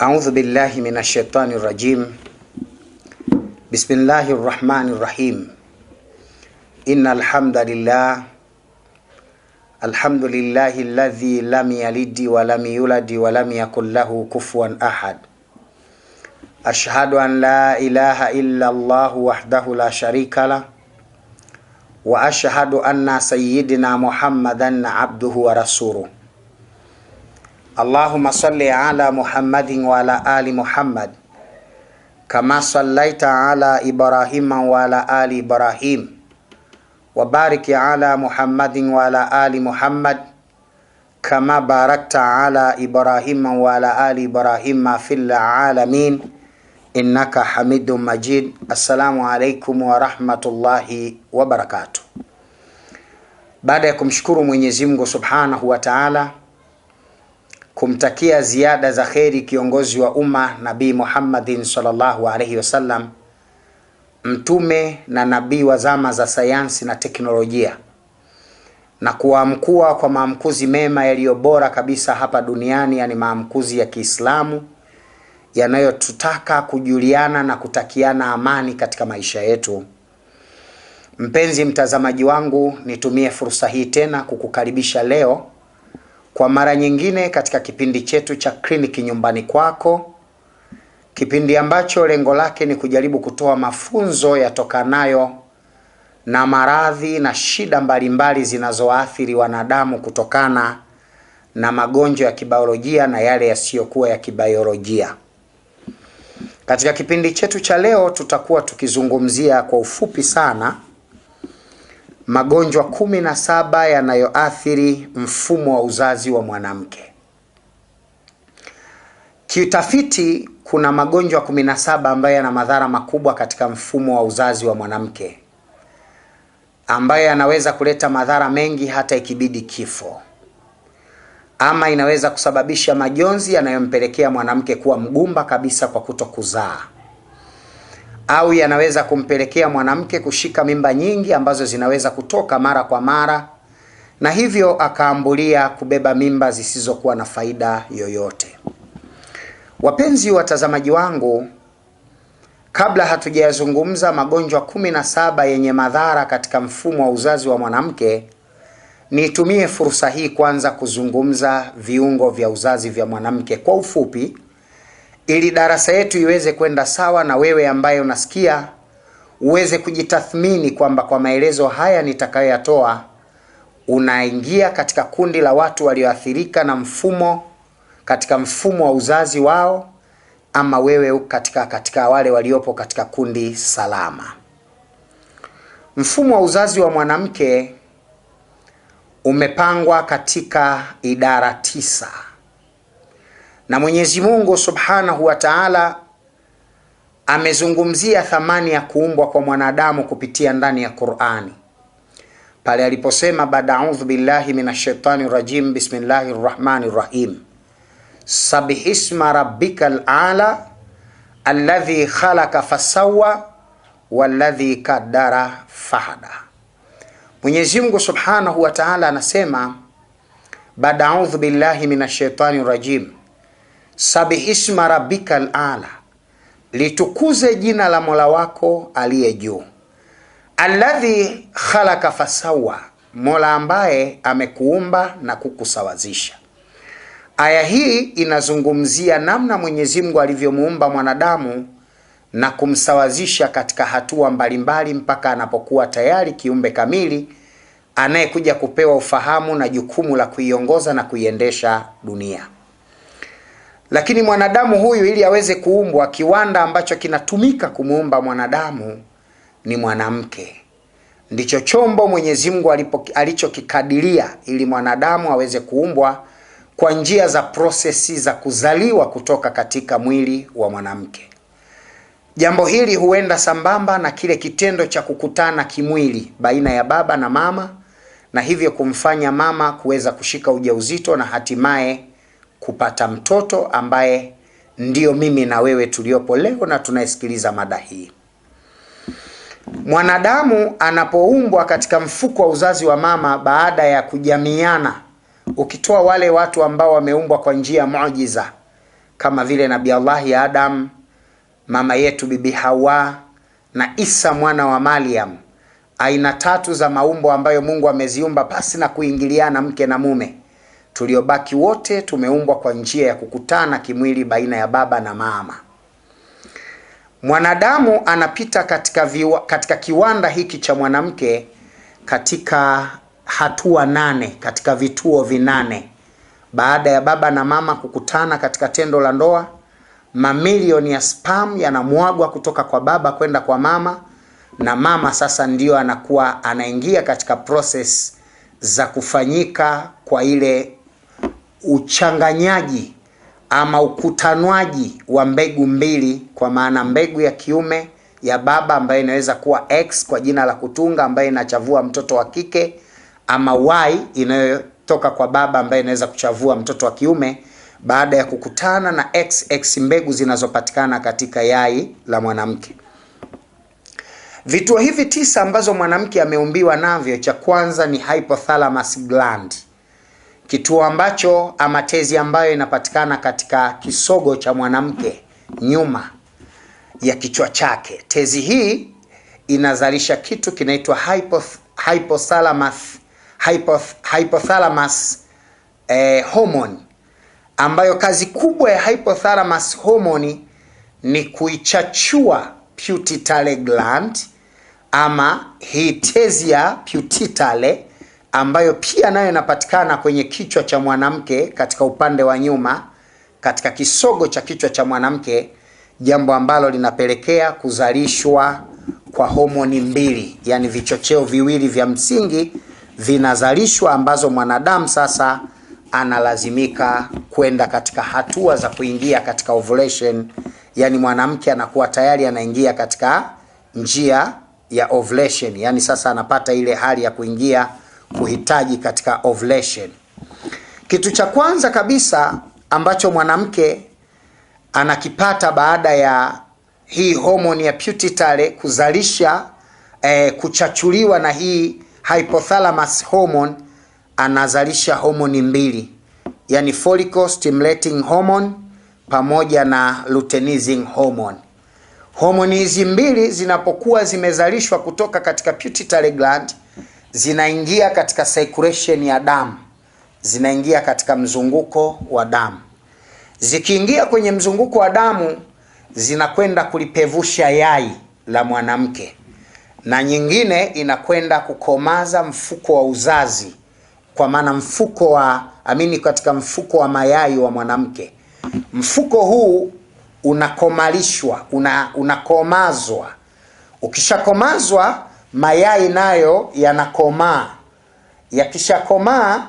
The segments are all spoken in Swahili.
أعوذ بالله من الشيطان الرجيم بسم الله الرحمن الرحيم إن الحمد لله الحمد لله الذي لم يلد ولم يولد ولم يكن له كفوا أحد أشهد أن لا إله إلا الله وحده لا شريك له وأشهد أن سيدنا محمدا عبده ورسوله Allahumma salli ala Muhammadin wa ala ali Muhammad kama sallaita ala Ibrahima wa ala ali Ibrahim wa barik ala Muhammadin wa ala ali Muhammad kama barakta ala Ibrahima wa ala ali Ibrahima fil alamin innaka hamidun majid. Assalamu alaikum wa rahmatullahi wa barakatuh. Baada ya kumshukuru Mwenyezi Mungu Subhanahu wa Ta'ala kumtakia ziada za kheri kiongozi wa umma Nabii Muhammadin sallallahu alaihi wasallam, mtume na nabii wa zama za sayansi na teknolojia, na kuwaamkua kwa maamkuzi mema yaliyo bora kabisa hapa duniani, yani maamkuzi ya Kiislamu yanayotutaka kujuliana na kutakiana amani katika maisha yetu. Mpenzi mtazamaji wangu, nitumie fursa hii tena kukukaribisha leo kwa mara nyingine katika kipindi chetu cha kliniki nyumbani kwako, kipindi ambacho lengo lake ni kujaribu kutoa mafunzo yatokanayo na maradhi na shida mbalimbali zinazoathiri wanadamu kutokana na magonjwa ya kibiolojia na yale yasiyokuwa ya kibiolojia. Katika kipindi chetu cha leo tutakuwa tukizungumzia kwa ufupi sana magonjwa kumi na saba yanayoathiri mfumo wa uzazi wa mwanamke. Kiutafiti, kuna magonjwa kumi na saba ambayo yana madhara makubwa katika mfumo wa uzazi wa mwanamke ambayo yanaweza kuleta madhara mengi hata ikibidi kifo, ama inaweza kusababisha majonzi yanayompelekea mwanamke kuwa mgumba kabisa kwa kuto kuzaa au yanaweza kumpelekea mwanamke kushika mimba nyingi ambazo zinaweza kutoka mara kwa mara na hivyo akaambulia kubeba mimba zisizokuwa na faida yoyote. Wapenzi watazamaji wangu, kabla hatujayazungumza magonjwa kumi na saba yenye madhara katika mfumo wa uzazi wa mwanamke, nitumie fursa hii kwanza kuzungumza viungo vya uzazi vya mwanamke kwa ufupi ili darasa yetu iweze kwenda sawa, na wewe ambaye unasikia uweze kujitathmini kwamba kwa maelezo haya nitakayoyatoa, unaingia katika kundi la watu walioathirika na mfumo katika mfumo wa uzazi wao, ama wewe katika, katika wale waliopo katika kundi salama. Mfumo wa uzazi wa mwanamke umepangwa katika idara tisa na Mwenyezi Mungu Subhanahu wa Ta'ala amezungumzia thamani ya kuumbwa kwa mwanadamu kupitia ndani ya Qur'ani pale aliposema baada audhu billahi minash shaitani rajim bismillahi rrahmani rahim sabihisma rabbikal lala alladhi khalaqa fasawa walladhi kadara fahada. Mwenyezi Mungu Subhanahu wa Ta'ala anasema baada audhu billahi minash shaitani rajim sabihisma rabbika litukuze jina la mola wako aliye juu. Alladhi khalaka fasawa, mola ambaye amekuumba na kukusawazisha. Aya hii inazungumzia namna Mwenyezi Mungu alivyomuumba mwanadamu na kumsawazisha katika hatua mbalimbali mpaka anapokuwa tayari kiumbe kamili anayekuja kupewa ufahamu na jukumu la kuiongoza na kuiendesha dunia. Lakini mwanadamu huyu ili aweze kuumbwa, kiwanda ambacho kinatumika kumuumba mwanadamu ni mwanamke, ndicho chombo Mwenyezi Mungu alichokikadiria ili mwanadamu aweze kuumbwa kwa njia za prosesi za kuzaliwa kutoka katika mwili wa mwanamke. Jambo hili huenda sambamba na kile kitendo cha kukutana kimwili baina ya baba na mama, na hivyo kumfanya mama kuweza kushika ujauzito na hatimaye kupata mtoto ambaye ndio mimi na wewe tuliopo leo na tunaisikiliza mada hii. Mwanadamu anapoumbwa katika mfuko wa uzazi wa mama baada ya kujamiana, ukitoa wale watu ambao wameumbwa kwa njia muujiza kama vile Nabii Allahi Adam, mama yetu Bibi Hawa na Isa mwana wa Maryam, aina tatu za maumbo ambayo Mungu ameziumba pasi na kuingiliana mke na mume tuliobaki wote tumeumbwa kwa njia ya kukutana kimwili baina ya baba na mama. Mwanadamu anapita katika, viwa, katika kiwanda hiki cha mwanamke katika hatua nane, katika vituo vinane. Baada ya baba na mama kukutana katika tendo la ndoa, mamilioni ya spam yanamwagwa kutoka kwa baba kwenda kwa mama, na mama sasa ndiyo anakuwa anaingia katika process za kufanyika kwa ile uchanganyaji ama ukutanwaji wa mbegu mbili, kwa maana mbegu ya kiume ya baba ambayo inaweza kuwa X kwa jina la kutunga, ambayo inachavua mtoto wa kike ama Y inayotoka kwa baba ambaye inaweza kuchavua mtoto wa kiume baada ya kukutana na XX mbegu zinazopatikana katika yai la mwanamke. Vituo hivi tisa ambazo mwanamke ameumbiwa navyo, cha kwanza ni hypothalamus gland kituo ambacho ama tezi ambayo inapatikana katika kisogo cha mwanamke nyuma ya kichwa chake. Tezi hii inazalisha kitu kinaitwa hypoth, hypothalamus, hypoth, hypothalamus eh, hormone ambayo kazi kubwa ya hypothalamus hormone ni kuichachua pituitary gland ama hii tezi ya pituitary ambayo pia nayo inapatikana kwenye kichwa cha mwanamke katika upande wa nyuma, katika kisogo cha kichwa cha mwanamke, jambo ambalo linapelekea kuzalishwa kwa homoni mbili, yani vichocheo viwili vya msingi vinazalishwa, ambazo mwanadamu sasa analazimika kwenda katika hatua za kuingia katika ovulation, yani mwanamke anakuwa tayari anaingia katika njia ya ovulation, yani sasa anapata ile hali ya kuingia kuhitaji katika ovulation. Kitu cha kwanza kabisa ambacho mwanamke anakipata baada ya hii homoni ya pituitary kuzalisha eh, kuchachuliwa na hii hypothalamus hormone, anazalisha homoni mbili, yani follicle stimulating hormone pamoja na luteinizing hormone. Homoni hizi mbili zinapokuwa zimezalishwa kutoka katika pituitary gland zinaingia katika circulation ya damu, zinaingia katika mzunguko wa damu. Zikiingia kwenye mzunguko wa damu, zinakwenda kulipevusha yai la mwanamke, na nyingine inakwenda kukomaza mfuko wa uzazi, kwa maana mfuko wa amini, katika mfuko wa mayai wa mwanamke. Mfuko huu unakomalishwa, una, unakomazwa. Ukishakomazwa mayai nayo yanakomaa, yakishakomaa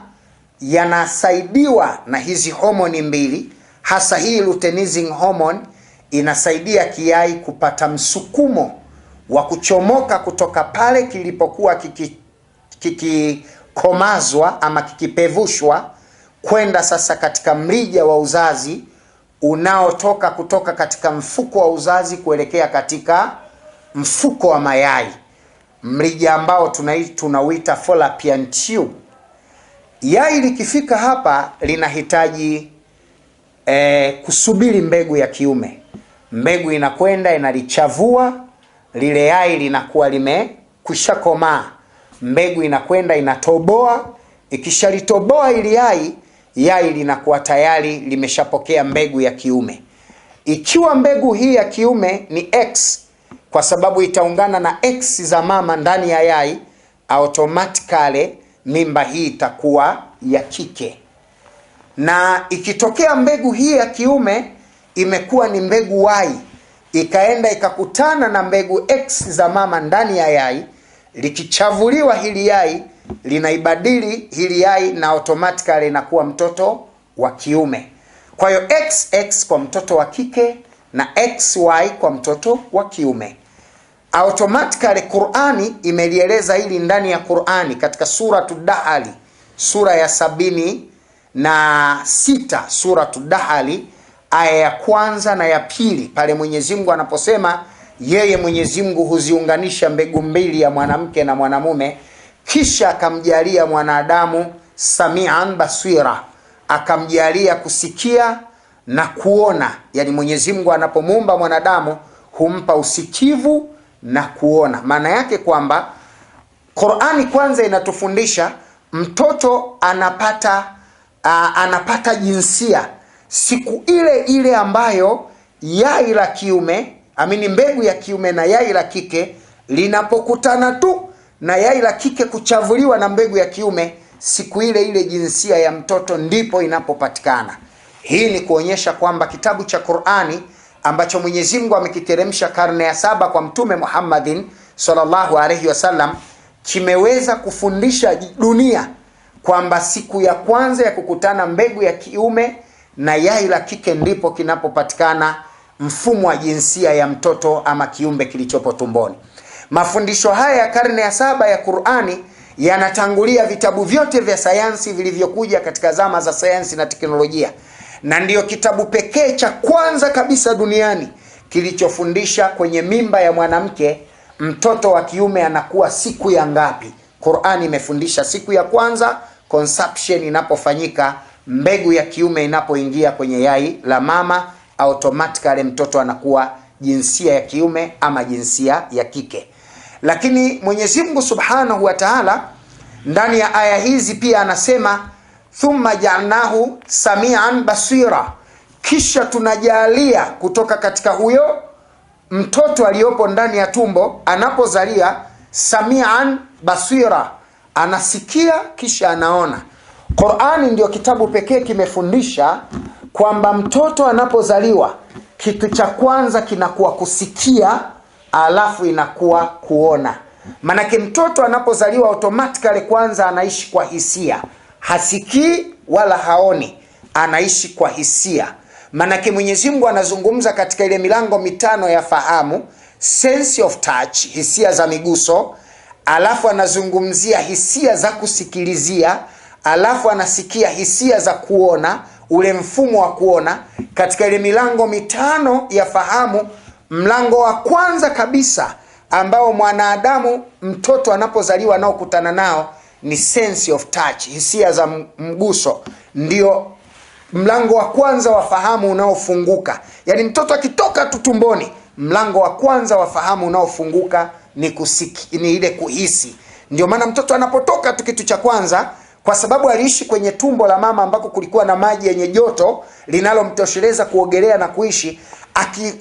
yanasaidiwa na hizi homoni mbili, hasa hii luteinizing hormone inasaidia kiai kupata msukumo wa kuchomoka kutoka pale kilipokuwa kikikomazwa kiki ama kikipevushwa kwenda sasa katika mrija wa uzazi unaotoka kutoka katika mfuko wa uzazi kuelekea katika mfuko wa mayai mrija ambao tunauita fallopian tube. Yai likifika hapa linahitaji eh, kusubiri mbegu ya kiume. Mbegu inakwenda inalichavua lile yai, linakuwa limekwisha komaa. Mbegu inakwenda inatoboa, ikishalitoboa ili yai, yai linakuwa tayari limeshapokea mbegu ya kiume. Ikiwa mbegu hii ya kiume ni X kwa sababu itaungana na x za mama ndani ya yai, automatically mimba hii itakuwa ya kike. Na ikitokea mbegu hii ya kiume imekuwa ni mbegu Y ikaenda ikakutana na mbegu X za mama ndani ya yai, likichavuliwa hili yai linaibadili hili yai na automatically inakuwa mtoto wa kiume. Kwa hiyo XX kwa mtoto wa kike na XY kwa mtoto wa kiume automatically Qur'ani imelieleza hili ndani ya Qur'ani katika suratu Dahali sura ya sabini na sita suratu Dahali aya ya kwanza na ya pili pale Mwenyezi Mungu anaposema yeye Mwenyezi Mungu huziunganisha mbegu mbili ya mwanamke na mwanamume kisha akamjalia mwanadamu samian basira, akamjalia kusikia na kuona. Yani Mwenyezi Mungu anapomuumba mwanadamu humpa usikivu na kuona. Maana yake kwamba Qur'ani kwanza inatufundisha mtoto anapata uh, anapata jinsia siku ile ile ambayo yai la kiume amini, mbegu ya kiume na yai la kike linapokutana tu, na yai la kike kuchavuliwa na mbegu ya kiume, siku ile ile jinsia ya mtoto ndipo inapopatikana. Hii ni kuonyesha kwamba kitabu cha Qur'ani ambacho Mwenyezi Mungu amekiteremsha karne ya saba kwa Mtume Muhammadin sallallahu alaihi wasallam kimeweza kufundisha dunia kwamba siku ya kwanza ya kukutana mbegu ya kiume na yai la kike ndipo kinapopatikana mfumo wa jinsia ya mtoto ama kiumbe kilichopo tumboni. Mafundisho haya ya karne ya saba ya Qur'ani yanatangulia vitabu vyote vya sayansi vilivyokuja katika zama za sayansi na teknolojia na ndiyo kitabu pekee cha kwanza kabisa duniani kilichofundisha kwenye mimba ya mwanamke mtoto wa kiume anakuwa siku ya ngapi. Qurani imefundisha siku ya kwanza conception inapofanyika, mbegu ya kiume inapoingia kwenye yai la mama, automatically mtoto anakuwa jinsia ya kiume ama jinsia ya kike. Lakini Mwenyezi Mungu Subhanahu wa Ta'ala ndani ya aya hizi pia anasema thumma ja'alnahu samian basira, kisha tunajalia kutoka katika huyo mtoto aliyopo ndani ya tumbo anapozalia, samian basira, anasikia kisha anaona. Qur'ani ndio kitabu pekee kimefundisha kwamba mtoto anapozaliwa kitu cha kwanza kinakuwa kusikia, alafu inakuwa kuona. Manake mtoto anapozaliwa automatically kwanza anaishi kwa hisia hasikii wala haoni, anaishi kwa hisia. Manake Mwenyezi Mungu anazungumza katika ile milango mitano ya fahamu, sense of touch, hisia za miguso, alafu anazungumzia hisia za kusikilizia, alafu anasikia hisia za kuona, ule mfumo wa kuona. Katika ile milango mitano ya fahamu, mlango wa kwanza kabisa ambao mwanadamu mtoto anapozaliwa anaokutana nao ni sense of touch hisia za mguso ndio mlango wa kwanza wa fahamu unaofunguka yaani mtoto akitoka tu tumboni mlango wa kwanza wa fahamu unaofunguka ni kusiki, ni ile kuhisi ndio maana mtoto anapotoka tu kitu cha kwanza kwa sababu aliishi kwenye tumbo la mama ambako kulikuwa na maji yenye joto linalomtosheleza kuogelea na kuishi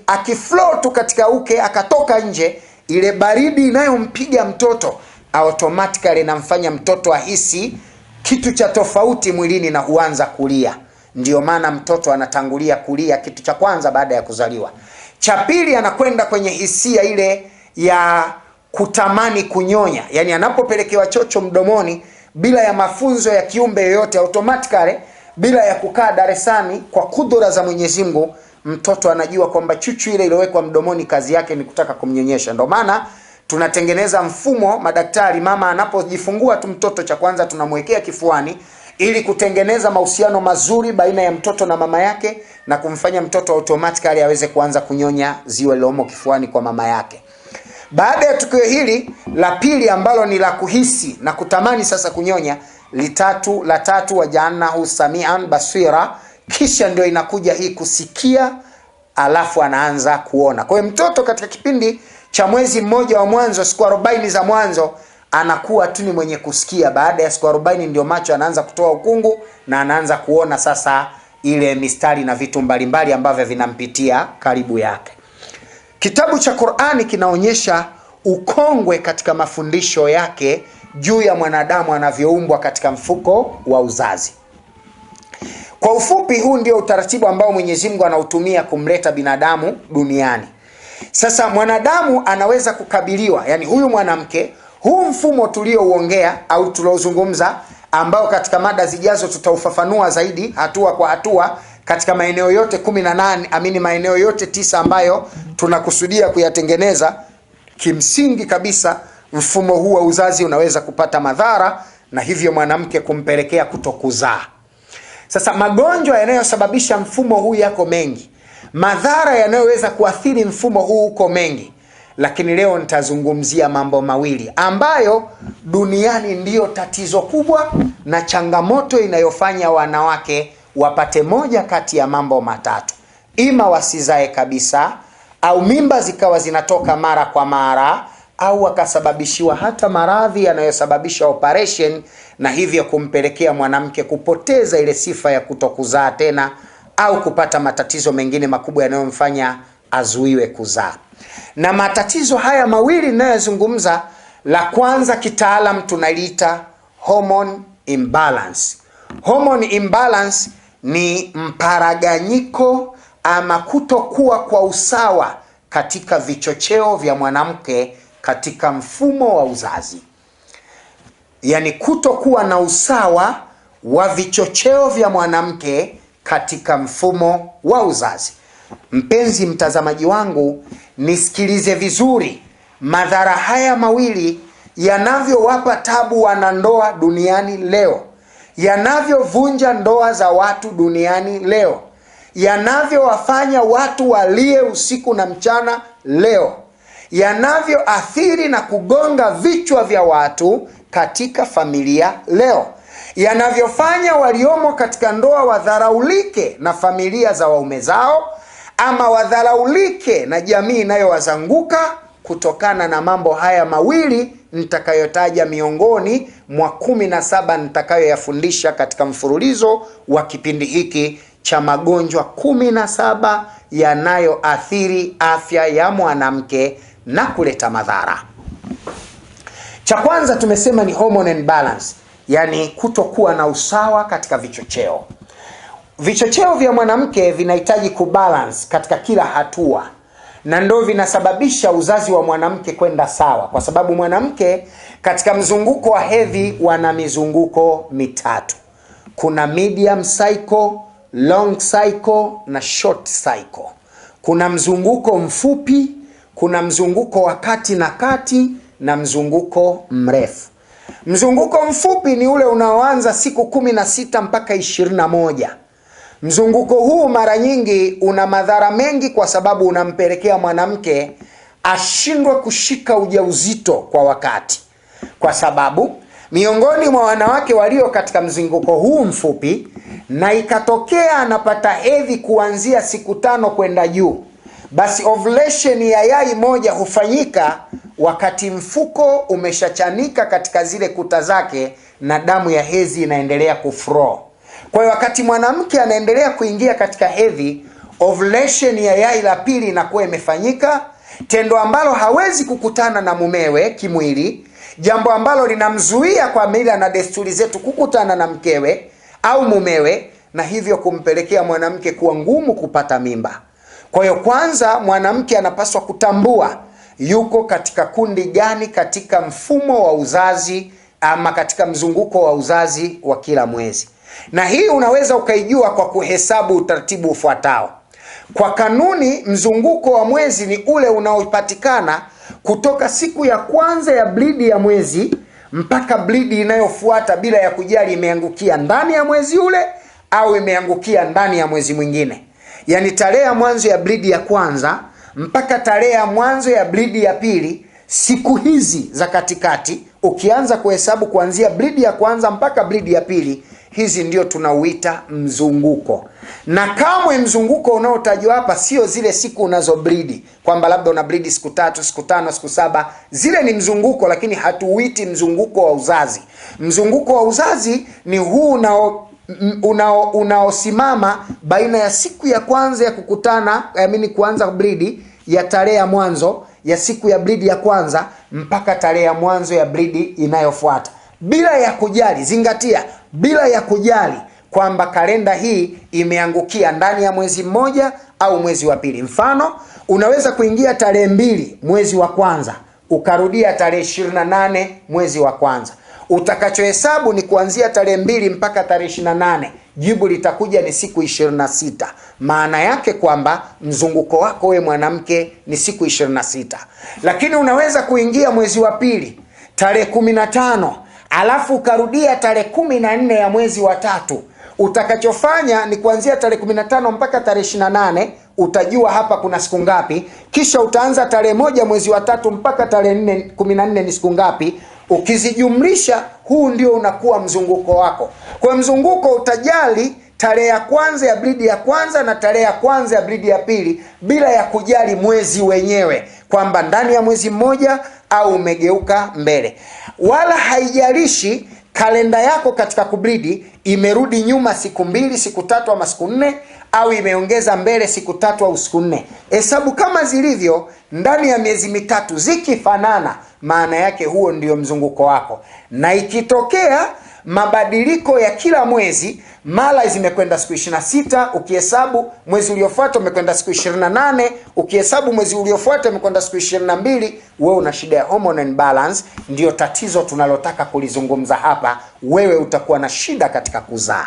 akiflo aki tu katika uke akatoka nje ile baridi inayompiga mtoto automatically inamfanya mtoto ahisi kitu cha tofauti mwilini na huanza kulia. Ndio maana mtoto anatangulia kulia kitu cha kwanza baada ya kuzaliwa. Cha pili, anakwenda kwenye hisia ile ya kutamani kunyonya, yani anapopelekewa chocho mdomoni bila ya mafunzo ya kiumbe yoyote, automatically bila ya kukaa darasani, kwa kudura za Mwenyezi Mungu, mtoto anajua kwamba chuchu ile iliyowekwa mdomoni kazi yake ni kutaka kumnyonyesha. Ndio maana tunatengeneza mfumo madaktari, mama anapojifungua tu mtoto, cha kwanza tunamwekea kifuani ili kutengeneza mahusiano mazuri baina ya mtoto na mama yake na kumfanya mtoto automatically aweze kuanza kunyonya ziwe lomo kifuani kwa mama yake. Baada ya tukio hili la pili ambalo ni la kuhisi na kutamani sasa kunyonya, litatu la tatu wajaanahu samian basira, kisha ndio inakuja hii kusikia, alafu anaanza kuona. Kwa hiyo mtoto katika kipindi cha mwezi mmoja wa mwanzo, siku arobaini za mwanzo, anakuwa tu ni mwenye kusikia. Baada ya siku arobaini ndio macho anaanza kutoa ukungu na anaanza kuona sasa ile mistari na vitu mbalimbali ambavyo vinampitia karibu yake. Kitabu cha Qur'ani kinaonyesha ukongwe katika mafundisho yake juu ya mwanadamu anavyoumbwa katika mfuko wa uzazi. Kwa ufupi, huu ndio utaratibu ambao Mwenyezi Mungu anautumia kumleta binadamu duniani. Sasa mwanadamu anaweza kukabiliwa, yani huyu mwanamke, huu mfumo tuliouongea au tuliozungumza, ambao katika mada zijazo tutaufafanua zaidi hatua kwa hatua katika maeneo yote kumi na nane amini maeneo yote tisa ambayo tunakusudia kuyatengeneza. Kimsingi kabisa mfumo huu wa uzazi unaweza kupata madhara na hivyo mwanamke kumpelekea kutokuzaa. Sasa magonjwa yanayosababisha mfumo huu yako mengi. Madhara yanayoweza kuathiri mfumo huu uko mengi, lakini leo nitazungumzia mambo mawili ambayo duniani ndiyo tatizo kubwa na changamoto inayofanya wanawake wapate moja kati ya mambo matatu: ima wasizae kabisa, au mimba zikawa zinatoka mara kwa mara, au wakasababishiwa hata maradhi yanayosababisha operation na hivyo kumpelekea mwanamke kupoteza ile sifa ya kutokuzaa tena au kupata matatizo mengine makubwa yanayomfanya azuiwe kuzaa. Na matatizo haya mawili ninayozungumza, la kwanza kitaalam tunaliita hormone imbalance. Hormone imbalance ni mparaganyiko ama kutokuwa kwa usawa katika vichocheo vya mwanamke katika mfumo wa uzazi, yaani kutokuwa na usawa wa vichocheo vya mwanamke katika mfumo wa uzazi. Mpenzi mtazamaji wangu, nisikilize vizuri, madhara haya mawili yanavyowapa tabu wanandoa duniani leo, yanavyovunja ndoa za watu duniani leo, yanavyowafanya watu walie usiku na mchana leo, yanavyoathiri na kugonga vichwa vya watu katika familia leo yanavyofanya waliomo katika ndoa wadharaulike na familia za waume zao, ama wadharaulike na jamii inayowazanguka kutokana na mambo haya mawili nitakayotaja miongoni mwa kumi na saba nitakayoyafundisha katika mfululizo wa kipindi hiki cha magonjwa kumi na saba yanayoathiri afya ya mwanamke na kuleta madhara. Cha kwanza tumesema ni hormone imbalance yani kutokuwa na usawa katika vichocheo vichocheo vya mwanamke vinahitaji kubalance katika kila hatua na ndo vinasababisha uzazi wa mwanamke kwenda sawa kwa sababu mwanamke katika mzunguko wa hedhi wana mizunguko mitatu kuna medium cycle long cycle na short cycle kuna mzunguko mfupi kuna mzunguko wa kati na kati na mzunguko mrefu Mzunguko mfupi ni ule unaoanza siku kumi na sita mpaka ishirini na moja. Mzunguko huu mara nyingi una madhara mengi, kwa sababu unampelekea mwanamke ashindwe kushika ujauzito kwa wakati, kwa sababu miongoni mwa wanawake walio katika mzunguko huu mfupi na ikatokea anapata hedhi kuanzia siku tano kwenda juu, basi ovulation ya yai moja hufanyika wakati mfuko umeshachanika katika zile kuta zake na damu ya hedhi inaendelea kufro Kwa hiyo wakati mwanamke anaendelea kuingia katika hedhi, ovulation ya yai la pili inakuwa imefanyika, tendo ambalo hawezi kukutana na mumewe kimwili, jambo ambalo linamzuia kwa mila na desturi zetu kukutana na mkewe au mumewe, na hivyo kumpelekea mwanamke kuwa ngumu kupata mimba. Kwa hiyo kwanza mwanamke anapaswa kutambua yuko katika kundi gani katika mfumo wa uzazi ama katika mzunguko wa uzazi wa kila mwezi. Na hii unaweza ukaijua kwa kuhesabu utaratibu ufuatao. Kwa kanuni, mzunguko wa mwezi ni ule unaopatikana kutoka siku ya kwanza ya blidi ya mwezi mpaka blidi inayofuata bila ya kujali imeangukia ndani ya mwezi ule au imeangukia ndani ya mwezi mwingine. Yaani tarehe ya mwanzo ya blidi ya kwanza mpaka tarehe ya mwanzo ya blidi ya pili. Siku hizi za katikati ukianza kuhesabu kuanzia blidi ya kwanza mpaka blidi ya pili, hizi ndio tunauita mzunguko. Na kamwe mzunguko unaotajwa hapa sio zile siku unazo bridi kwamba labda una bridi siku tatu, siku tano, siku saba. Zile ni mzunguko, lakini hatuuiti mzunguko wa uzazi. Mzunguko wa uzazi ni huu unao unao unaosimama baina ya siku ya kwanza ya kukutana yamini kuanza bridi ya tarehe ya mwanzo ya siku ya bridi ya kwanza mpaka tarehe ya mwanzo ya bridi inayofuata bila ya kujali zingatia bila ya kujali kwamba kalenda hii imeangukia ndani ya mwezi mmoja au mwezi wa pili mfano unaweza kuingia tarehe mbili mwezi wa kwanza ukarudia tarehe 28 mwezi wa kwanza Utakachohesabu ni kuanzia tarehe mbili mpaka tarehe ishirini na nane. Jibu litakuja ni siku ishirini na sita. Maana yake kwamba mzunguko wako wewe mwanamke ni siku ishirini na sita, lakini unaweza kuingia mwezi wa pili tarehe kumi na tano alafu ukarudia tarehe kumi na nne ya mwezi wa tatu. Utakachofanya ni kuanzia tarehe kumi na tano mpaka tarehe ishirini na nane utajua hapa kuna siku ngapi, kisha utaanza tarehe moja mwezi wa tatu mpaka tarehe kumi na nne ni siku ngapi ukizijumlisha huu ndio unakuwa mzunguko wako kwa mzunguko utajali tarehe ya kwanza ya bridi ya kwanza na tarehe ya kwanza ya bridi ya pili bila ya kujali mwezi wenyewe kwamba ndani ya mwezi mmoja au umegeuka mbele wala haijalishi kalenda yako katika kubridi imerudi nyuma siku mbili siku tatu ama siku nne au imeongeza mbele siku tatu au siku nne. Hesabu kama zilivyo ndani ya miezi mitatu zikifanana, maana yake huo ndio mzunguko wako, na ikitokea mabadiliko ya kila mwezi, mara zimekwenda siku ishirini sita ukihesabu mwezi uliofuata umekwenda siku ishirini nane ukihesabu mwezi uliofuata umekwenda siku ishirini mbili wewe una shida ya hormone imbalance. Ndiyo tatizo tunalotaka kulizungumza hapa. Wewe utakuwa na shida katika kuzaa.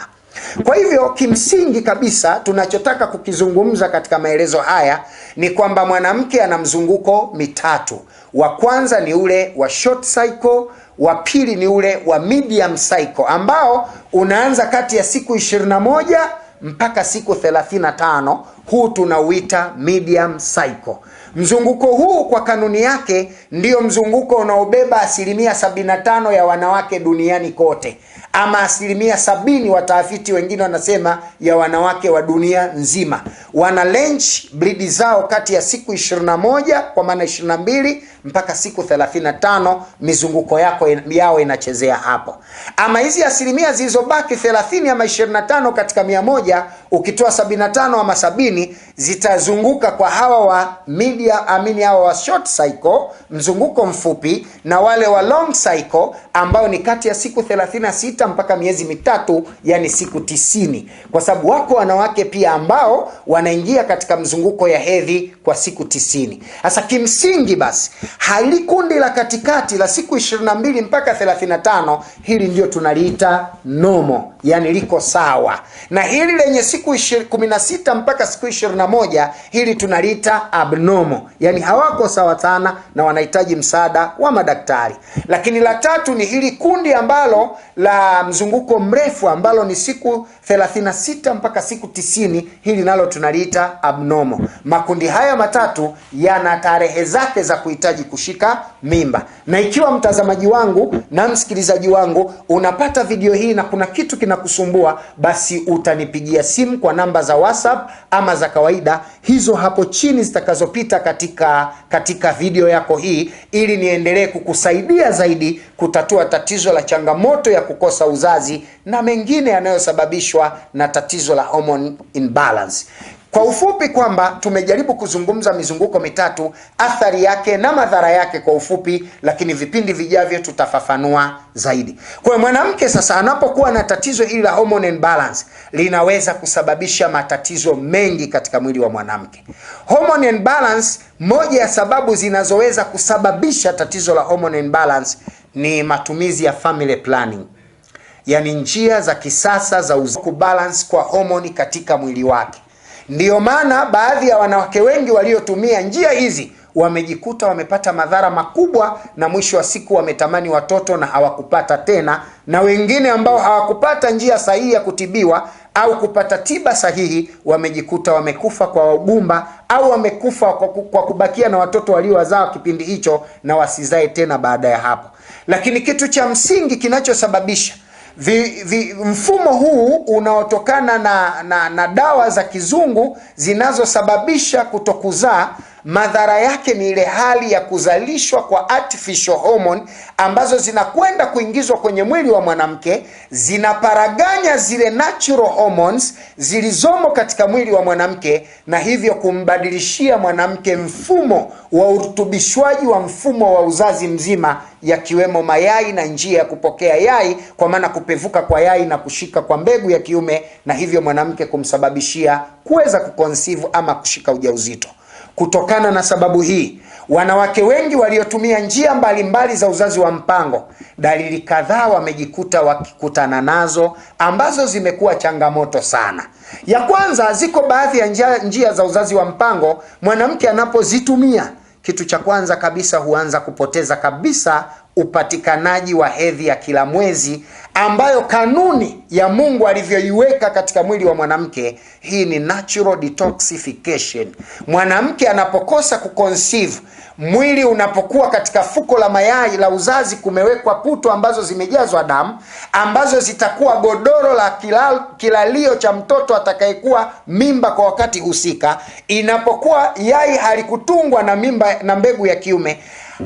Kwa hivyo kimsingi kabisa tunachotaka kukizungumza katika maelezo haya ni kwamba mwanamke ana mzunguko mitatu. Wa kwanza ni ule wa short cycle, wa pili ni ule wa medium cycle ambao unaanza kati ya siku 21 mpaka siku 35. Huu tunauita medium cycle. Mzunguko huu kwa kanuni yake ndiyo mzunguko unaobeba asilimia 75 ya wanawake duniani kote ama asilimia sabini watafiti wengine wanasema ya wanawake wa dunia nzima wana lench bridi zao kati ya siku 21 kwa maana 22 mpaka siku 35 mizunguko yako yao inachezea hapo. Ama hizi asilimia zilizobaki 30 ama 25 katika mia moja, ukitoa 75 ama sabini zitazunguka kwa hawa wa media amini, hawa wa short cycle, mzunguko mfupi, na wale wa long cycle ambao ni kati ya siku 36 mpaka miezi mitatu, yani siku tisini, kwa sababu wako wanawake pia ambao wanaingia katika mzunguko ya hedhi kwa siku tisini. Sasa kimsingi basi Hili kundi la katikati la siku 22 mpaka 35, hili ndio tunaliita nomo, yani liko sawa, na hili lenye siku 16 mpaka siku 21, hili tunaliita abnomo, yani hawako sawa sana na wanahitaji msaada wa madaktari. Lakini la tatu ni hili kundi ambalo la mzunguko mrefu ambalo ni siku 36 mpaka siku 90, hili nalo tunaliita abnomo. Makundi haya matatu yana tarehe zake za kuhitaji mtazamaji kushika mimba. Na ikiwa mtazamaji wangu na msikilizaji wangu unapata video hii na kuna kitu kinakusumbua, basi utanipigia simu kwa namba za WhatsApp ama za kawaida hizo hapo chini zitakazopita katika, katika video yako hii, ili niendelee kukusaidia zaidi kutatua tatizo la changamoto ya kukosa uzazi na mengine yanayosababishwa na tatizo la hormone imbalance. Kwa ufupi kwamba tumejaribu kuzungumza mizunguko mitatu, athari yake na madhara yake kwa ufupi, lakini vipindi vijavyo tutafafanua zaidi. Kwa mwanamke sasa anapokuwa na tatizo hili la hormone imbalance linaweza kusababisha matatizo mengi katika mwili wa mwanamke. Hormone imbalance, moja ya sababu zinazoweza kusababisha tatizo la hormone imbalance ni matumizi ya family planning, yaani njia za kisasa za uzazi kubalance kwa homoni katika mwili wake. Ndiyo maana baadhi ya wanawake wengi waliotumia njia hizi wamejikuta wamepata madhara makubwa, na mwisho wa siku wametamani watoto na hawakupata tena, na wengine ambao hawakupata njia sahihi ya kutibiwa au kupata tiba sahihi wamejikuta wamekufa kwa ugumba au wamekufa kwa kubakia na watoto waliowazaa kipindi hicho na wasizae tena baada ya hapo. Lakini kitu cha msingi kinachosababisha vi, vi, mfumo huu unaotokana na, na, na dawa za kizungu zinazosababisha kutokuzaa madhara yake ni ile hali ya kuzalishwa kwa artificial hormone ambazo zinakwenda kuingizwa kwenye mwili wa mwanamke, zinaparaganya zile natural hormones zilizomo katika mwili wa mwanamke, na hivyo kumbadilishia mwanamke mfumo wa urutubishwaji wa mfumo wa uzazi mzima, yakiwemo mayai na njia ya kupokea yai, kwa maana kupevuka kwa yai na kushika kwa mbegu ya kiume, na hivyo mwanamke kumsababishia kuweza kuconceive ama kushika ujauzito. Kutokana na sababu hii, wanawake wengi waliotumia njia mbalimbali mbali za uzazi wa mpango, dalili kadhaa wamejikuta wakikutana nazo ambazo zimekuwa changamoto sana. Ya kwanza, ziko baadhi ya njia, njia za uzazi wa mpango mwanamke anapozitumia, kitu cha kwanza kabisa huanza kupoteza kabisa upatikanaji wa hedhi ya kila mwezi ambayo kanuni ya Mungu alivyoiweka katika mwili wa mwanamke. Hii ni natural detoxification. Mwanamke anapokosa kuconceive, mwili unapokuwa katika fuko la mayai la uzazi, kumewekwa puto ambazo zimejazwa damu ambazo zitakuwa godoro la kilal, kilalio cha mtoto atakayekuwa mimba kwa wakati husika. Inapokuwa yai halikutungwa na mimba na mbegu ya kiume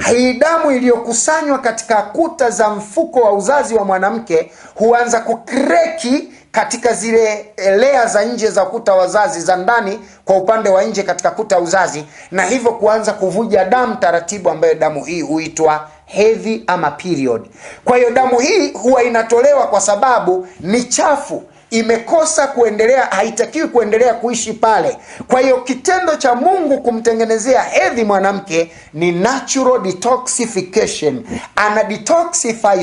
hii damu iliyokusanywa katika kuta za mfuko wa uzazi wa mwanamke huanza kukreki katika zile lea za nje za kuta wazazi za ndani kwa upande wa nje katika kuta uzazi, na hivyo kuanza kuvuja damu taratibu, ambayo damu hii huitwa hedhi ama period. Kwa hiyo damu hii huwa inatolewa kwa sababu ni chafu imekosa kuendelea, haitakiwi kuendelea kuishi pale. Kwa hiyo kitendo cha Mungu kumtengenezea hedhi mwanamke ni natural detoxification, ana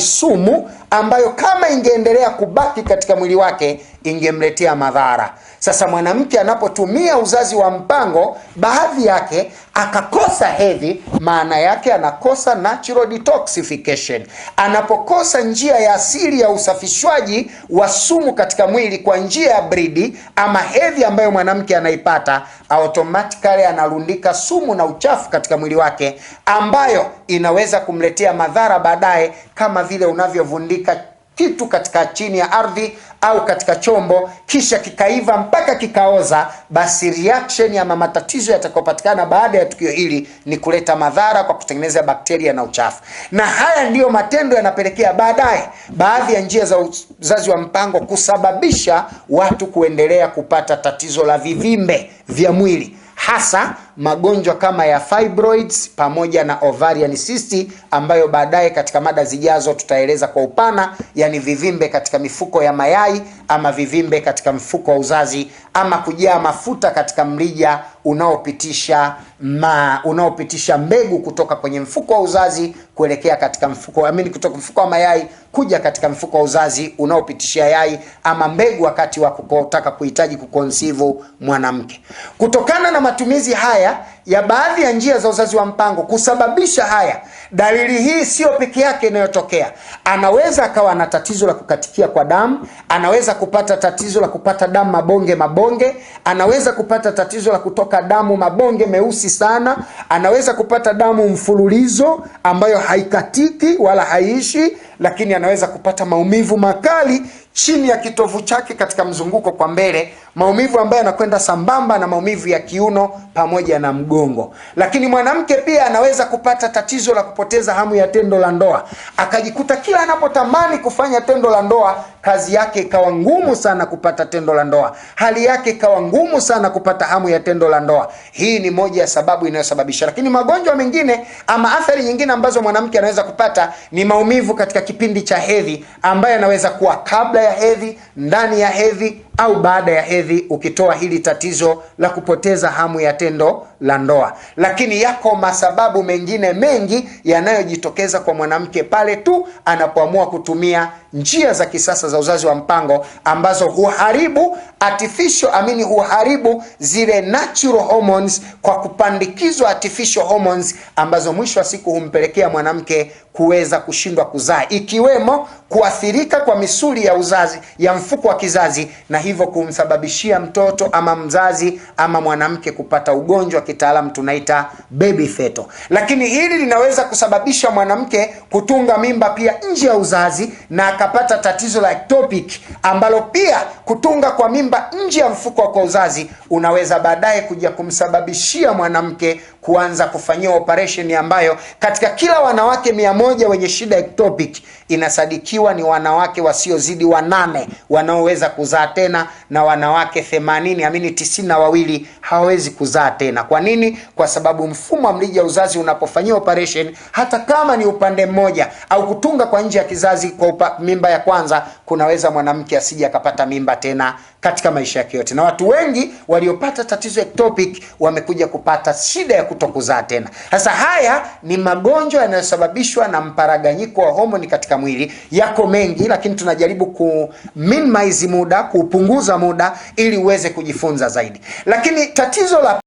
sumu ambayo kama ingeendelea kubaki katika mwili wake ingemletea madhara. Sasa mwanamke anapotumia uzazi wa mpango, baadhi yake akakosa hedhi, maana yake anakosa natural detoxification. Anapokosa njia ya asili ya usafishwaji wa sumu katika mwili kwa njia ya bridi ama hedhi ambayo mwanamke anaipata, automatically anarundika sumu na uchafu katika mwili wake, ambayo inaweza kumletea madhara baadaye, kama vile unavyovundika kutundika kitu katika chini ya ardhi au katika chombo kisha kikaiva mpaka kikaoza, basi reaction ama matatizo yatakayopatikana baada ya tukio hili ni kuleta madhara kwa kutengeneza bakteria na uchafu, na haya ndiyo matendo yanapelekea baadaye baadhi ya njia za uzazi wa mpango kusababisha watu kuendelea kupata tatizo la vivimbe vya mwili hasa magonjwa kama ya fibroids pamoja na ovarian cyst, ambayo baadaye katika mada zijazo tutaeleza kwa upana, yani vivimbe katika mifuko ya mayai ama vivimbe katika mfuko wa uzazi ama kujaa mafuta katika mrija unaopitisha ma unaopitisha mbegu kutoka kwenye mfuko wa uzazi kuelekea katika mfuko amini, kutoka mfuko wa mayai kuja katika mfuko wa uzazi unaopitisha yai ama mbegu wakati wa kutaka kuhitaji kukonsivu mwanamke. Kutokana na matumizi haya haya ya baadhi ya njia za uzazi wa mpango kusababisha haya. Dalili hii siyo peke yake inayotokea, anaweza akawa na tatizo la kukatikia kwa damu, anaweza kupata tatizo la kupata damu mabonge mabonge, anaweza kupata tatizo la kutoka damu mabonge meusi sana, anaweza kupata damu mfululizo ambayo haikatiki wala haiishi, lakini anaweza kupata maumivu makali chini ya kitovu chake katika mzunguko kwa mbele, maumivu ambayo yanakwenda sambamba na maumivu ya kiuno pamoja na mgongo. Lakini mwanamke pia anaweza kupata tatizo la kupoteza hamu ya tendo la ndoa, akajikuta kila anapotamani kufanya tendo la ndoa kazi yake ikawa ngumu sana kupata tendo la ndoa, hali yake ikawa ngumu sana kupata hamu ya tendo la ndoa. Hii ni moja ya sababu inayosababisha. Lakini magonjwa mengine ama athari nyingine ambazo mwanamke anaweza kupata ni maumivu katika kipindi cha hedhi ambayo anaweza kuwa kabla ya hedhi, ndani ya hedhi au baada ya hedhi, ukitoa hili tatizo la kupoteza hamu ya tendo la ndoa. Lakini yako masababu mengine mengi yanayojitokeza kwa mwanamke pale tu anapoamua kutumia njia za kisasa za uzazi wa mpango ambazo huharibu artificial amini, huharibu zile natural hormones kwa kupandikizwa artificial hormones ambazo mwisho wa siku humpelekea mwanamke kuweza kushindwa kuzaa ikiwemo kuathirika kwa misuli ya uzazi ya mfuko wa kizazi, na hivyo kumsababishia mtoto ama mzazi ama mwanamke kupata ugonjwa kitaalamu tunaita baby feto. Lakini hili linaweza kusababisha mwanamke kutunga mimba pia nje ya uzazi na akapata tatizo la ectopic, ambalo pia kutunga kwa mimba nje ya mfuko wa uzazi unaweza baadaye kuja kumsababishia mwanamke kuanza kufanyia operation ambayo katika kila wanawake mia moja wenye shida ectopic inasadikiwa ni wanawake wasiozidi wanane wanaoweza kuzaa tena na wanawake themanini amini tisini na wawili hawawezi kuzaa tena. Kwa nini? Kwa sababu mfumo wa mlija uzazi unapofanyia operation hata kama ni upande mmoja au kutunga kwa nje ya kizazi kwa upa, mimba ya kwanza, kunaweza mwanamke asije akapata mimba tena katika maisha yake yote, na watu wengi waliopata tatizo ectopic wamekuja kupata shida ya kutokuzaa tena. Sasa haya ni magonjwa yanayosababishwa na mparaganyiko wa homoni katika mwili. Yako mengi, lakini tunajaribu ku minimize muda, kupunguza muda ili uweze kujifunza zaidi, lakini tatizo la